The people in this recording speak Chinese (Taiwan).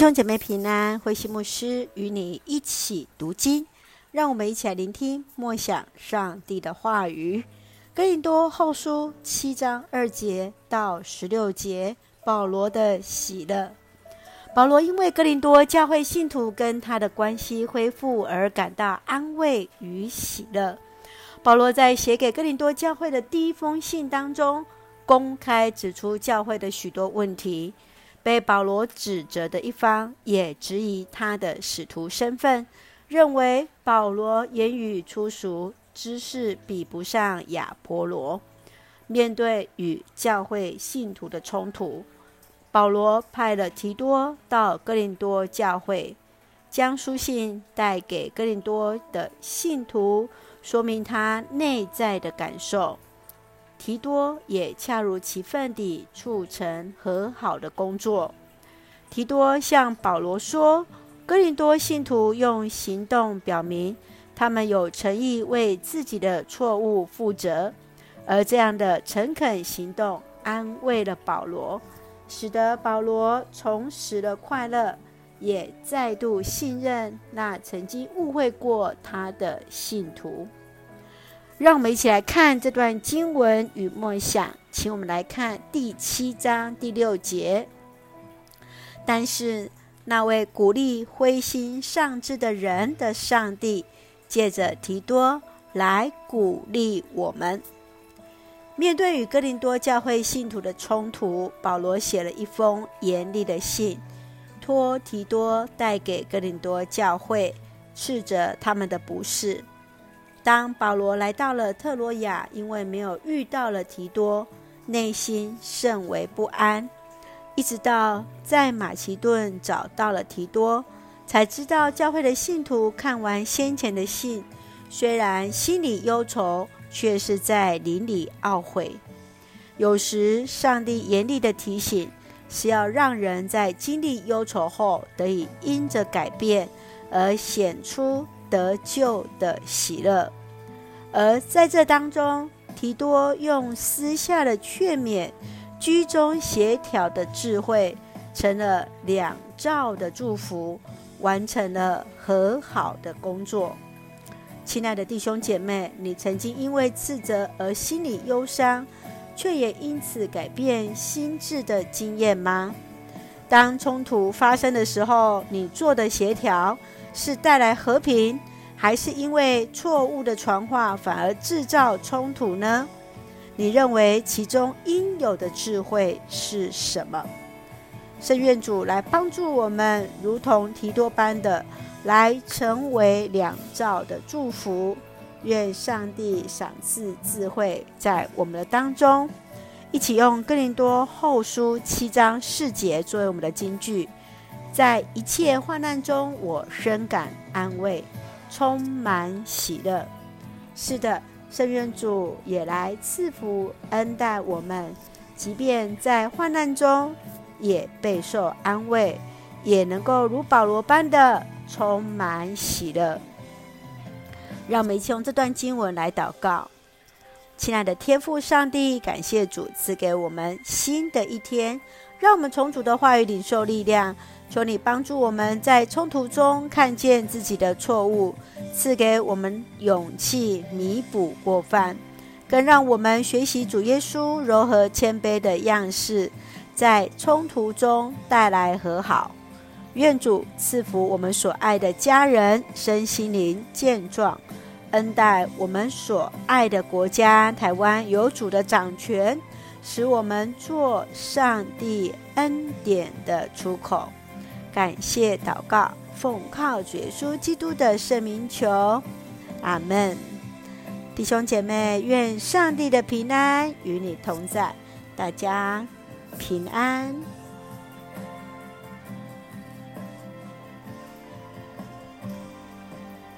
弟兄姐妹平安，慧馨牧師與你一起讀經，讓我們一起來聆聽默想上帝的話語。哥林多後書七章二節到十六節，保羅的喜樂。保羅因為哥林多教會信徒跟他的關係恢復而感到安慰與喜樂。保羅在寫給哥林多教會的第一封信當中，公開指出教會的許多問題。被保羅指責的一方也質疑他的使徒身份，認為保羅言語粗俗，知識比不上亞波羅。面對與教會信徒的衝突，保羅派了提多到哥林多教會，將書信帶給哥林多的信徒，說明他內在的感受。提多也恰如其分地促成和好的工作。提多向保羅說：“哥林多信徒用行動表明，他們有誠意為自己的錯誤負責。”而這樣的誠懇行動安慰了保羅，使得保羅重拾了快樂，也再度信任那曾經誤會過他的信徒。讓我們一起來看這段經文與默想，請我們來看第七章第六節。但是那位鼓勵灰心喪志的人的上帝，借着提多來鼓勵我們。面對與哥林多教會信徒的衝突，保羅寫了一封嚴厲的信，托提多帶給哥林多教會，斥責他們的不是。當保羅來到了特羅亞，因為沒有遇到了提多，內心甚為不安。一直到在馬其頓找到了提多，才知道教會的信徒看完先前的信，雖然心裡憂愁，卻是在靈裡懊悔。有時，上帝嚴厲的提醒，是要讓人在經歷憂愁後，得以因着改變而顯出得救的喜樂，而在這當中，提多用私下的勸勉、居中協調的智慧，成了兩造的祝福，完成了和好的工作。親愛的弟兄姐妹，你曾經因為斥責而心裡憂傷，卻也因此改變心志的經驗嗎？當衝突發生的時候，你做的協調是帶來和平，還是因為錯誤的傳話反而制造衝突呢？你認為其中應有的智慧是什麼？聖願主來幫助我們，如同提多般的來成為兩造的祝福。願上帝賞賜智慧在我們的當中，一起用哥林多後書七章四節作為我們的金句。在一切患難中，我深感安慰，充滿喜樂。是的，聖願主也來賜福恩待我們，即便在患難中也備受安慰，也能夠如保羅般的充滿喜樂。讓我們一起用這段經文來禱告：親愛的天父上帝，感謝主賜給我們新的一天，讓我們從主的話語領受力量。求你幫助我們在衝突中看見自己的錯誤，賜給我們勇氣彌補過犯，更讓我們學習主耶穌柔和謙卑的樣式，在衝突中帶來和好。願主賜福我們所愛的家人，身心靈健壯，恩待我們所愛的國家台灣，有主的掌權，使我們做上帝恩典的出口。感謝禱告，奉靠主耶穌基督的聖名求，阿門。弟兄姐妹，願上帝的平安與你同在，大家平安。